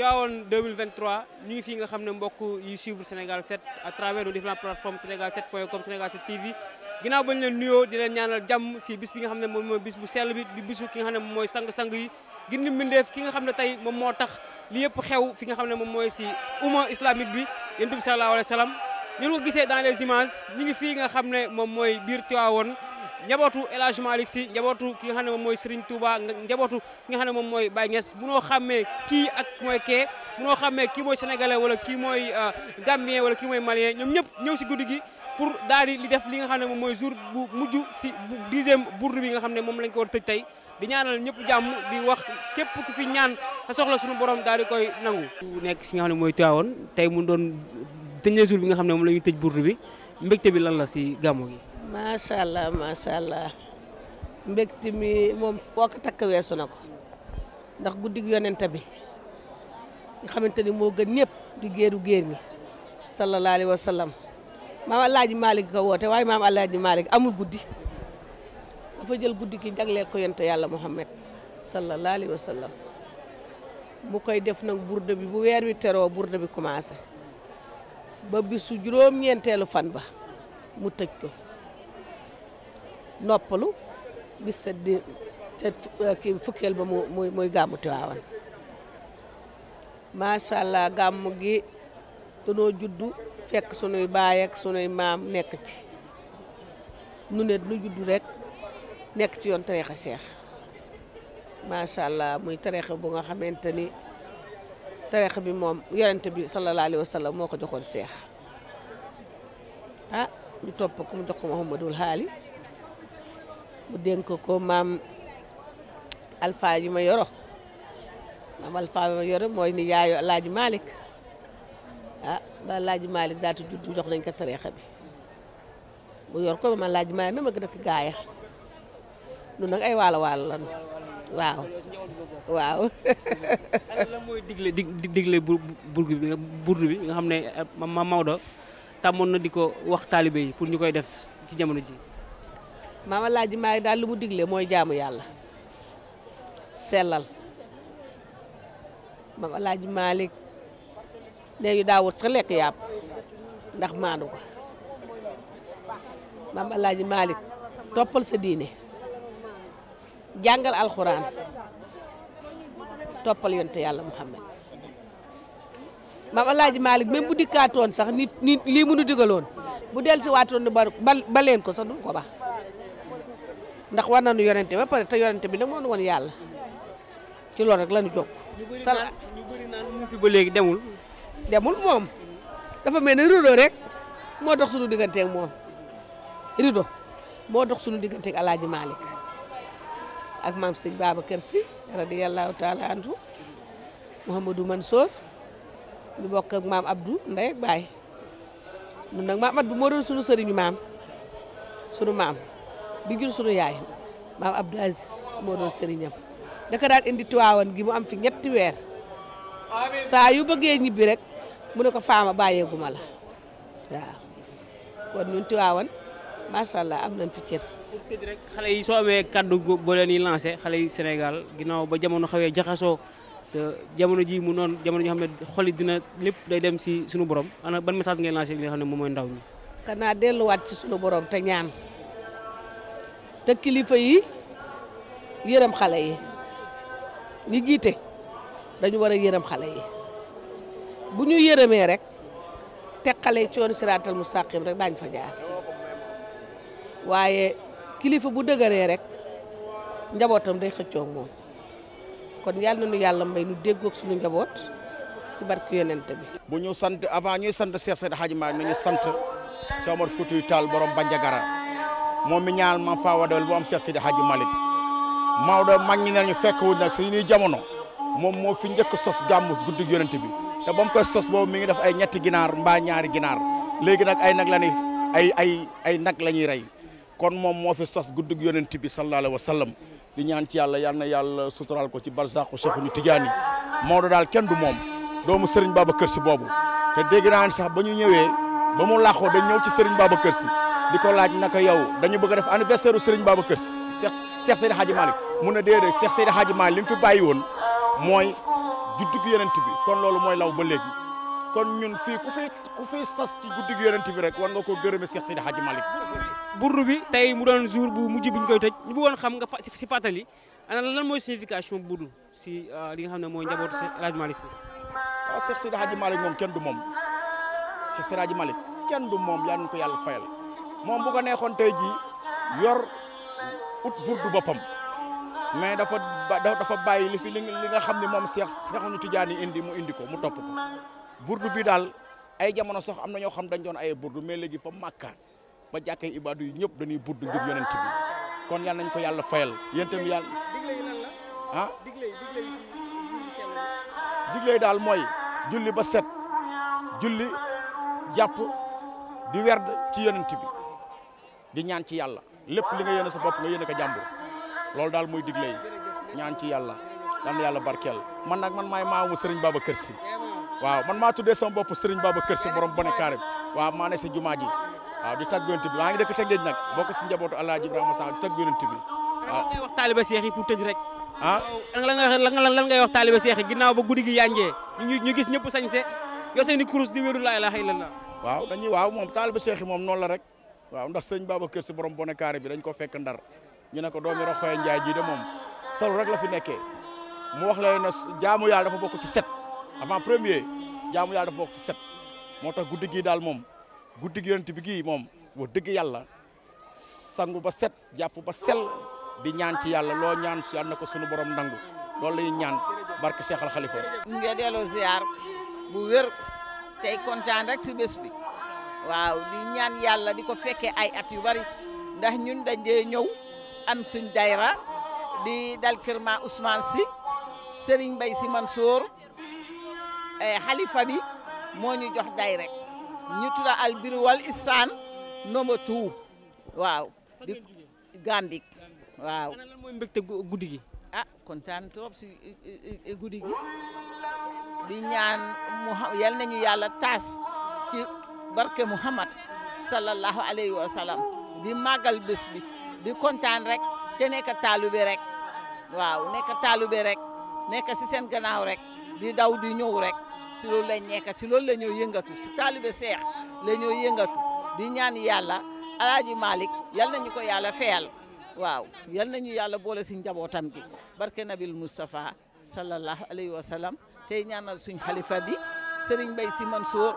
Tivaouane 2023 ñu ngi fii nga xam ne mbokk yi suivre Sénégal 7 à travers nos différentes plateformes Sénégal 7 point com Sénégal 7 TV ginnaaw bañ leen nuyoo di leen ñaanal jàmm si bis bi nga xam ne moom mooy bis bu sell bi di bisu ki nga xam ne moom mooy sang-sang yi gindi mbindeef ki nga xam ne tey moom moo tax li yëpp xew fi nga xam ne moom mooy si umma islamique bi yonent bi sallallahu alayhi wa sallam ñun ko gisee dans les ñu ngi fii nga xam ne moom mooy biir Tivaouane njabootu El Hadj si njabootu ki nga xam ne moom mooy Serigne Touba njabootu ki nga xam ne moom mooy Baye Niass munoo xàmmee kii ak mooy kee munoo xàmmee kii mooy sénégalais wala kii mooy euh, gambien wala kii mooy malien ñoom ñëpp ñëw si guddi gi pour daal di li def li nga xam ne moom mooy jour bu mujj si dixième burdu bi nga xam ne moom lañ ko war a tëj tey di ñaanal ñëpp jàmm di wax képp ku fi ñaan soxla sunu borom daal di koy nangu. nekk si nga xam ne mooy Tivaouane tey mun doon tëjee jour bi nga xam ne moom la ñuy tëj burdu bi mbégte bi lan la si gàmmu gi macha allah macha allah mbégte mi moom foo ko takk weesu ko ndax guddig yonent bi nga xamante ni moo gën ñëpp di géeru géer ñi sallallahu alayhi wa sallam maam Alaaji Malick ko woote waaye maam Alaaji Malick amul guddi dafa jël guddi gi jagleel ko yonent yàlla Muhammad sallallahu alayhi wa sallam mu koy def nag burde bi bu weer wi teroo burde bi commencé ba bisu juróom-ñeenteelu fan ba mu tëj ko noppalu bis sa di te eh, kii fukkeel ba muy muy gàmmu Tiwaawan macha allah gàmm gi danoo juddu fekk sunuy baay ak sunuy maam nekk ci nu ne nu juddu rek nekk ci yoon a seex macha allah muy tariixa bu nga xamante ni tariixa bi moom yonent bi sallallahu alayhi wa moo ko joxoon seex ah ñu topp ko mu jox ko Muhammadul Haali mu dénk ko maam alpha yi ma yoro maam alpha yi ma yoro mooy ni yaayu alaaji Malick ah ba alaaji Malick daatu juddu jox nañ ko tareexa bi mu yor ko ma alaaji Malick na ma gën a gaaya nun nag ay waalo waalo lan waaw waaw lan mooy digle digle burdu bi burdu bi nga xam ne eh, ma Maodo tàmmoon na di ko wax taalibe yi pour ñu koy def ci jamono ji maam Alaaji Maalik daal lu mu digle mooy jaamu yàlla sellal maam Alaaji Maalik léegi daawut sa lekk yàpp ndax maandu ko maam Alaaji Maalik toppal sa diine jàngal alxuraan toppal yonte yàlla Muhammad maam Alaaji Maalik même bu dikkaatoon sax nit nit lii mënu digaloon bu dellusiwaatoon ba ba leen ko sax du ko baax ndax war nañu yonente ba pare te yonente bi nag moo nu woon yàlla ci loolu rek la ñu jóg. sal fi ba léegi demul. demul moom dafa mel ne rido rek moo dox suñu digganteeg moom rido moo dox sunu digganteeg El Hadj ak maam sëñ Babacar Sy radiyallahu taala anhu Mouhamadou Mansour ñu bokk ak maam Abdou Ndeye ak Baye ñun nag maam Abdou moo doon suñu sëriñu maam suñu maam. bi jur sunu yaay maam Abdou Aziz moo doon sëriñam daka daan indi Tiwaawan gi mu am fi ñetti weer saa yu bëggee ñibbi rek mu ne ko faama bàyyeegu ma la waaw kon ñun Tiwaawan macha allah am na fi cër. xale yi soo amee kaddu boo nii yi lancé xale yi Sénégal ginnaaw ba jamono xawee jaxasoo te jamono ji mu noon jamono joo xam ne xol yi dina lépp day dem si sunu borom ana ban message ngay lancé li nga xam ne moom mooy ndaw ñi. xanaa delluwaat ci sunu borom te ñaan. te kilifa yi yërëm xale yi ñu jiite dañu war a yërëm xale yi bu ñuy yërëmee rek teg xale yi coon siraatal mustaqim rek daañ fa jaar waaye kilifa bu dëgëree rek njabootam day xëccoog moom kon yàlla nu yàlla may nu su suñu njaboot ci barke yonent bi bu ñu sant avant ñuy sant Cheikh Seydi Hadji Malick nañu sant Cheikh Omar Foutiyou Tall borom Bandiagara moom mi ñaanal maam Faa Wadawel bu am Seex Sidi Hadji Malick Maodo mag ñi ne ñu fekk wuñ nag suñuy jamono moom moo fi njëkk sos gàmmu guddi yonent bi te ba mu sos boobu mi ngi def ay ñetti ginaar mbaa ñaari ginaar léegi nag ay nag la ñuy ay ay ay nag la ñuy rey kon moom moo fi sos guddi yonent bi sallallahu alayhi wa sallam di ñaan ci yàlla yal na yàlla sutural ko ci barzaqu Cheikhu ñu Tijaani Maodo daal kenn du moom doomu Serigne Babacar Sy boobu te dégg naa ni sax ba ñu ñëwee ba mu làqoo dañ ñëw ci Serigne Babacar Sy di ko laaj naka yow dañu bëgg a def anniversaire u Serigne Babacar Seex Seex Seydi Hadji Malick mun na déedéet Seex Seydi Hadji Malick li mu fi bàyyi woon mooy juddug Yonent bi kon loolu mooy law ba léegi kon ñun fii ku fi ku fi sas ci guddug Yonent bi rek war nga koo gërëme Seex Seydi Hadji Malick burdu bi tey mu doon jour bu mujj bu ñu koy ñu bëggoon xam nga si fàttali ana lan mooy signification burdu si ah, li nga xam ne mooy njabootu El Hadji Malick si waaw ah, Seex Seydi Hadji Malick moom kenn du moom Seex Seydi Hadji kenn du moom yal na ko yàlla fayal moom bu ko neexoon tey jii yor ut burdu boppam mais dafa dafa bàyyi li fi li nga xam ne moom seex seexuñu tijaan yi indi mu indi ko mu topp ko burdu bi daal ay jamono sox am na ñoo xam dañ doon ay burdu mais léegi fa màkka ba jàkkee ibaadu yi ñëpp dañuy burdu ngir yonent kon yal nañ ko yàlla fayal yéen tamit yàlla ah daal mooy julli ba set julli jàpp di werd ci yonent di ñaan ci yàlla lépp li nga yéene sa bopp nga yéene ko jàmbur loolu daal muy digle ñaan ci yàlla yal yalla yàlla barkeel man nag man maay maamu Serigne Babacar Sy waaw man maa tuddee sama bopp Serigne Babacar Sy borom bone carré waaw maa ne si jumaa ji waaw di tàggu yonent bi maa ngi dëkk Tëngéej nag bokk si njabootu El Hadj Ibrahima Sall di tàggu yonent bi waaw ngay wax seex yi pour tëj rek ah lan ngay wax lan ngay wax taaliba seex yi ginnaaw ba guddi gi yànjee ñu gis ñëpp sañse yoo seen di kurus di wéeru laa ilaaha illallaah waaw dañuy waaw moom taaliba seex yi moom noonu la rek waaw ndax sëñ Babacar si borom bone carré bi dañ ko fekk ndar ñu ne ko doomi Roxaya Njaay ji de moom solo rek la fi nekkee mu wax la ne jaamu yàlla dafa bokk ci set avant premier jaamu yàlla dafa bokk ci set moo tax guddi gii daal moom guddi gi yonent bi gii moom wax digg yàlla sangu ba set jàpp ba sel di ñaan ci yàlla loo ñaan si yàlla na ko sunu borom nangu loolu la ñuy ñaan barke Cheikh Al Khalifa. ñu bu wér tey kontaan rek si waaw di ñaan yàlla di ko fekkee ay at yu bari ndax ñun dañ dee ñëw am suñ dayra di dal kër ma Ousmane si Serigne Mbaye si Mansour eh, xalifa bi moo ñu jox day ñu tudda al bir wal isaan noma tuu waaw di Gambik waaw lan mooy ah, trop si guddi gi ñaan yal nañu yàlla taas barke Muhammad sallallahu alayhi wa sallam di màggal bés bi di kontaan rek te nekk taalibe rek waaw nekk taalibe rek nekk si seen gannaaw rek di daw di ñëw rek si loolu lañ nekk si loolu la ñoo yëngatu si taalibe seex la ñoo yëngatu di ñaan yàlla alaaji Malick yal nañu ko yàlla feyal waaw yal nañu yàlla boole si njabootam gi barke nabil Moustapha sallallahu alayhi wa sallam tey ñaanal suñ bi Serigne Mbaye Sy Mansour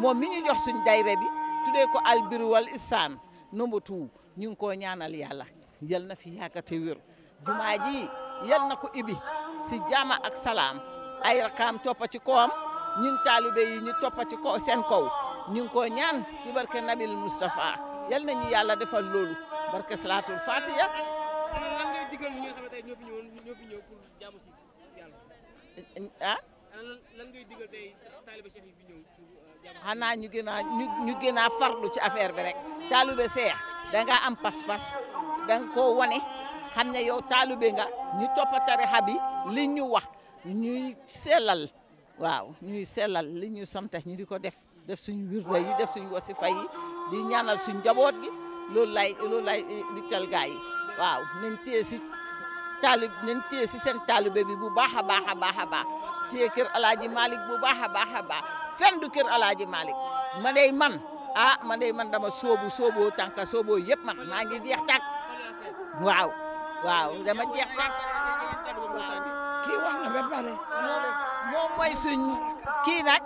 moom mi ñu jox suñ dayre bi tuddee ko albiru wal isaan number two ñu ngi koo ñaanal yàlla yal na fi yàggate wér jumaa ji yal na ko ibi si jàmm ak salaam ay rakaam toppa ci kawam ñun taalibe yi ñu toppa ci kaw seen kaw ñu ngi koo ñaan ci barke nabil mustafa yal na ñu yàlla defal loolu barke salaatul fatiha ah xanaa ñu gën a ñu ñu gën a farlu ci affaire bi rek taalube seex da ngaa am pas-pas da nga koo wane xam ne yow taalube nga ñu topp tarixa bi li ñu wax ñuy selal waaw ñuy selal li ñu samtax ñu di ko def def suñu wirda yi def suñu wasifa yi di ñaanal suñu njaboot gi loolu lay loolu lay eh, di tel gaa waaw nañ téye si taalib nañ téye si seen taalibe bi bu baax a baax a baax a baax kër alaaji Malick bu baax a baax a du kër alaaji Malick ma day man ah ma day man dama soobu sooboo tànka sooboo yëpp man maa ngi jeex tàkk waaw waaw dama jeex tàkk kii wax suñ kii nag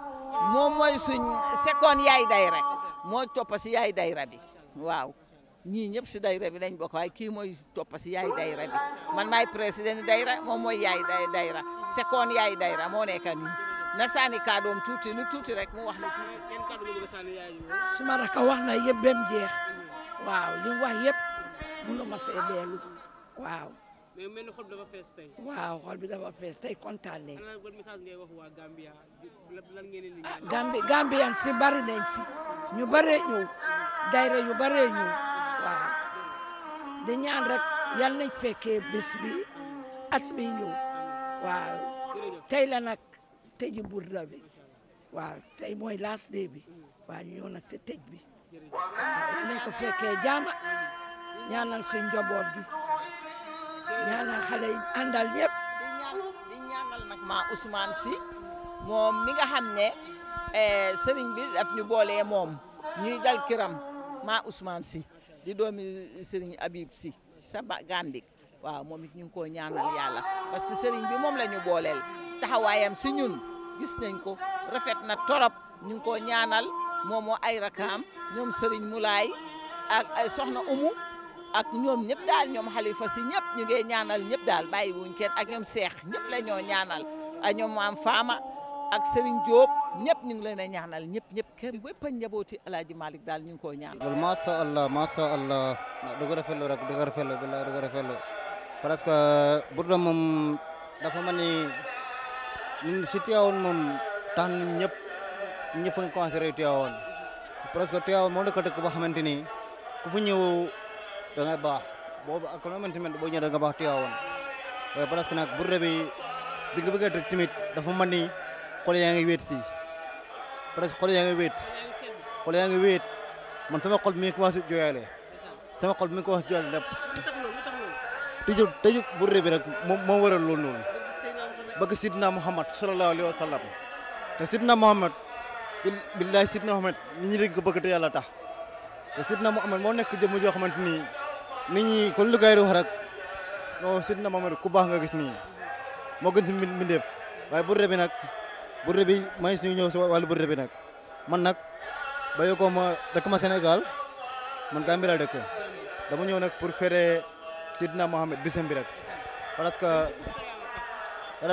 moom mooy suñ sekoon yaay dayra moo toppa si yaay dayra bi waaw ñii ñëpp si dayra bi lañ bokk waaye kii mooy toppa si yaay dayra bi man maay président dayra moom mooy yaay day dayra sekoon yaay dayra moo nekk nii na saani kaadoom tuuti lu tuuti rek mu wax lu tuuti suma ka wax na yëpp bem jeex waaw li wax yëpp mënu ma see deelu waaw mais mel ni xol bi dafa fees bi dafa fees tey kontaan nañ. lan message ah, Gambi Gambian si bari nañ fi ñu baree ñëw dayra yu baree ñëw. waaw di ñaan rek yal nañ fekkee bés bi at mi ñëw tey la nag tëji burda bi waaw tey mooy last day bi waa ñëw nag si tëj bi yal nañ ko fekkee jaama ñaanal suñ njaboot gi ñaanal xale yi àndal ñëpp di ñaanal nag ma Ousmane Sy moom mi nga xam ne eh, sëriñ bi daf ñu boolee moom ñuy dal kiram ma Ousmane si di doomi Serigne Habib si sa ba Gambie waaw moom it koo ñaanal yàlla parce que sëriñ bi moom la ñu booleel taxawaayam si ñun gis nañ ko rafet na torop ñu koo ñaanal moom moo ay rakaam ñoom sëriñ Moulay ak ay soxna umu ak ñoom ñëpp daal ñoom xalifa si ñëpp ñu ngi ñaanal ñëpp daal bàyyi wuñ kenn ak ñoom seex ñëpp la ñoo ñaanal ak ñoom maam faama ak Serigne Diop ñëpp ñu ngi leen a ñaanal ñëpp ñëpp kenn bépp a njabooti El Hadj daal ñu ngi koo ñaanal. macha allah macha allah du ko rafetlu rek du ko rafetlu billahi du ko rafetlu parce que bu moom dafa mel ni ñun si Tivaouane moom tax na ñëpp ñëpp a ngi considéré Tivaouane presque Tivaouane moo dëkk dëkk boo xamante ni ku fa ñëw da ngay boobu ak loo xamante ni boo ñëwee da nga baax Tivaouane waaye nag bu bi bi nga bëgg a dafa mel xol yaa ngi wéet si yaa ngi wéet man sama xol mi ngi commencé jooyaale sama xol mi ngi commencé jooyaale lépp tëjub tëjub bu rëy bi rek moo moo waral loolu noonu bëgg Sidna Muhammad sallallahu alayhi wa sallam te Sidna Muhammad billahi Sidna Muhammad nit ñi dañ ko bëgg te yàlla tax te Sidna Muhammad moo nekk jëmm joo xamante ni nit ñi kon lu gars yi wax rek non Sidna Muhammad ku baax nga gis nii moo gën ci mbindeef waaye bu rëy bi nag. burda bi may suñu ñëw si wàllu burda bi nag man nag bàyyi ko ma dëkk ma Sénégal man Gambie laa dëkk dama ñëw nag pour fere Sidina Mohamed bisam bi parce que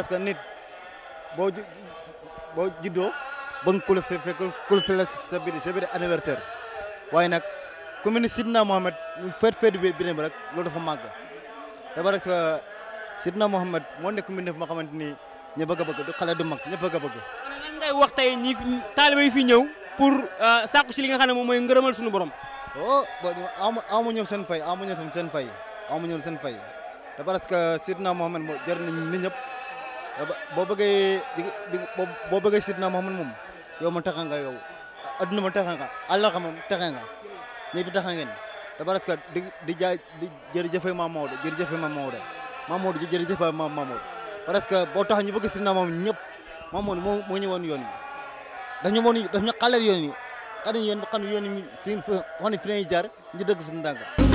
que nit boo boo juddoo ba nga kul fekk si fi la sa biir sa biir anniversaire waaye nag commune Sidina Mohamed ñu bi biram rek loolu dafa màgg dafa rek Sidina Mohamed moo nekk commune ma xamante ni ñu bëgg a bëgg du xale du mag ñëpp bëgg a bëgg. lan ngay wax tey ñi taaliba yi fi ñëw pour euh, sàkku si li nga xam ne moom mooy ngërëmal suñu borom. oh boo amu amu ñëw seen fay amu ñëw seen fay amu ñëw seen fay te parce que Sidna Mohamed moo jar nañ nit ñëpp boo bëggee boo bëggee Sidna Mohamed moom yow ma taxa nga yow adduna ma taxa nga Allah moom taxa nga ñi bi taxa ngeen te parce que di di jaay di jërëjëfe Maam Maodo jërëjëfe Maam Maodo Maam Maodo jërëjëfe ma Maodo presque boo tax ñu bëgg si na moom ñëpp moom moon moo moo ñëwoon yoon bi daf ñu moon daf ñu xaleel yoon yi xam nañ yoon xam ne yoon yi fi xam ne fi lañuy jaar ñu dëgg suñu ndànk